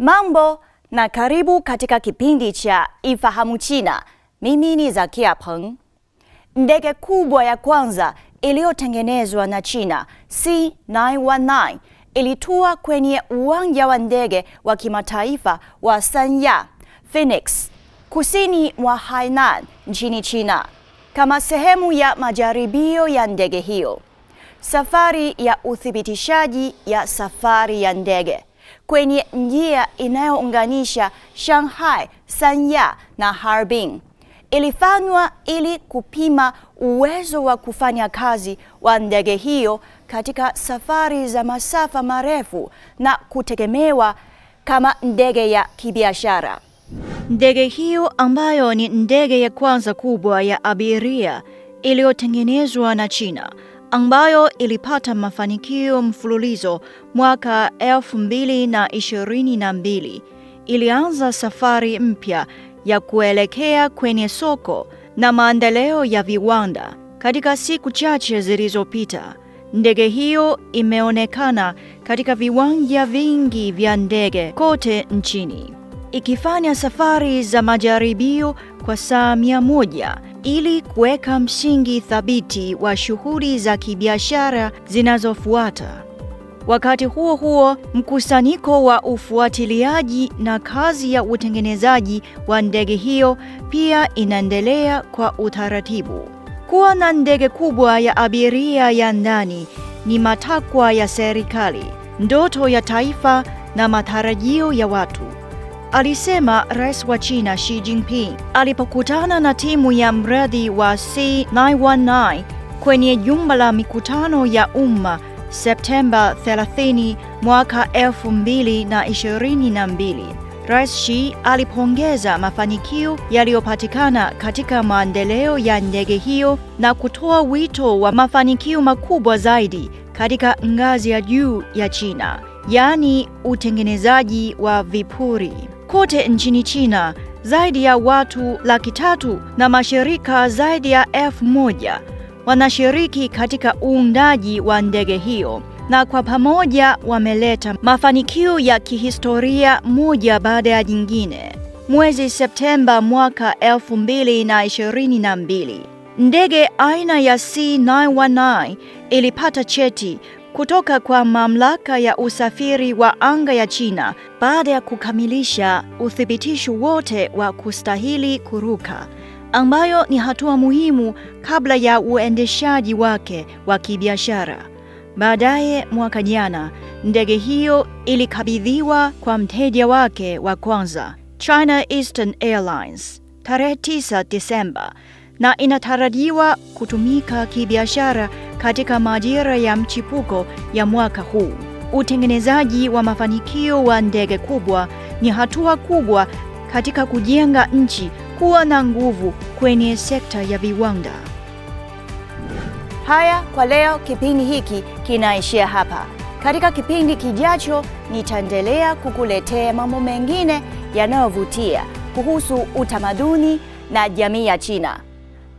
Mambo na karibu katika kipindi cha Ifahamu China. Mimi ni Zakia Peng. Ndege kubwa ya kwanza iliyotengenezwa na China C919 ilitua kwenye uwanja wa ndege wa kimataifa wa Sanya, Phoenix, kusini mwa Hainan nchini China kama sehemu ya majaribio ya ndege hiyo. Safari ya uthibitishaji ya safari ya ndege kwenye njia inayounganisha Shanghai, Sanya na Harbin. Ilifanywa ili kupima uwezo wa kufanya kazi wa ndege hiyo katika safari za masafa marefu na kutegemewa kama ndege ya kibiashara. Ndege hiyo ambayo ni ndege ya kwanza kubwa ya abiria iliyotengenezwa na China ambayo ilipata mafanikio mfululizo mwaka 2022. Ilianza safari mpya ya kuelekea kwenye soko na maendeleo ya viwanda. Katika siku chache zilizopita, ndege hiyo imeonekana katika viwanja vingi vya ndege kote nchini, ikifanya safari za majaribio kwa saa mia moja ili kuweka msingi thabiti wa shughuli za kibiashara zinazofuata. Wakati huo huo, mkusanyiko wa ufuatiliaji na kazi ya utengenezaji wa ndege hiyo pia inaendelea kwa utaratibu. Kuwa na ndege kubwa ya abiria ya ndani ni matakwa ya serikali, ndoto ya taifa na matarajio ya watu alisema rais wa China Xi Jinping alipokutana na timu ya mradi wa C919 kwenye jumba la mikutano ya umma Septemba 30 mwaka 2022. Rais Xi alipongeza mafanikio yaliyopatikana katika maendeleo ya ndege hiyo na kutoa wito wa mafanikio makubwa zaidi katika ngazi ya juu ya China, yaani utengenezaji wa vipuri kote nchini China zaidi ya watu laki tatu na mashirika zaidi ya elfu moja wanashiriki katika uundaji wa ndege hiyo na kwa pamoja wameleta mafanikio ya kihistoria moja baada ya jingine. Mwezi Septemba mwaka 2022, ndege aina ya C919 ilipata cheti kutoka kwa mamlaka ya usafiri wa anga ya China baada ya kukamilisha uthibitisho wote wa kustahili kuruka, ambayo ni hatua muhimu kabla ya uendeshaji wake wa kibiashara. Baadaye mwaka jana, ndege hiyo ilikabidhiwa kwa mteja wake wa kwanza, China Eastern Airlines, tarehe 9 Disemba na inatarajiwa kutumika kibiashara katika majira ya mchipuko ya mwaka huu. Utengenezaji wa mafanikio wa ndege kubwa ni hatua kubwa katika kujenga nchi kuwa na nguvu kwenye sekta ya viwanda. Haya, kwa leo kipindi hiki kinaishia hapa. Katika kipindi kijacho, nitaendelea kukuletea mambo mengine yanayovutia kuhusu utamaduni na jamii ya China.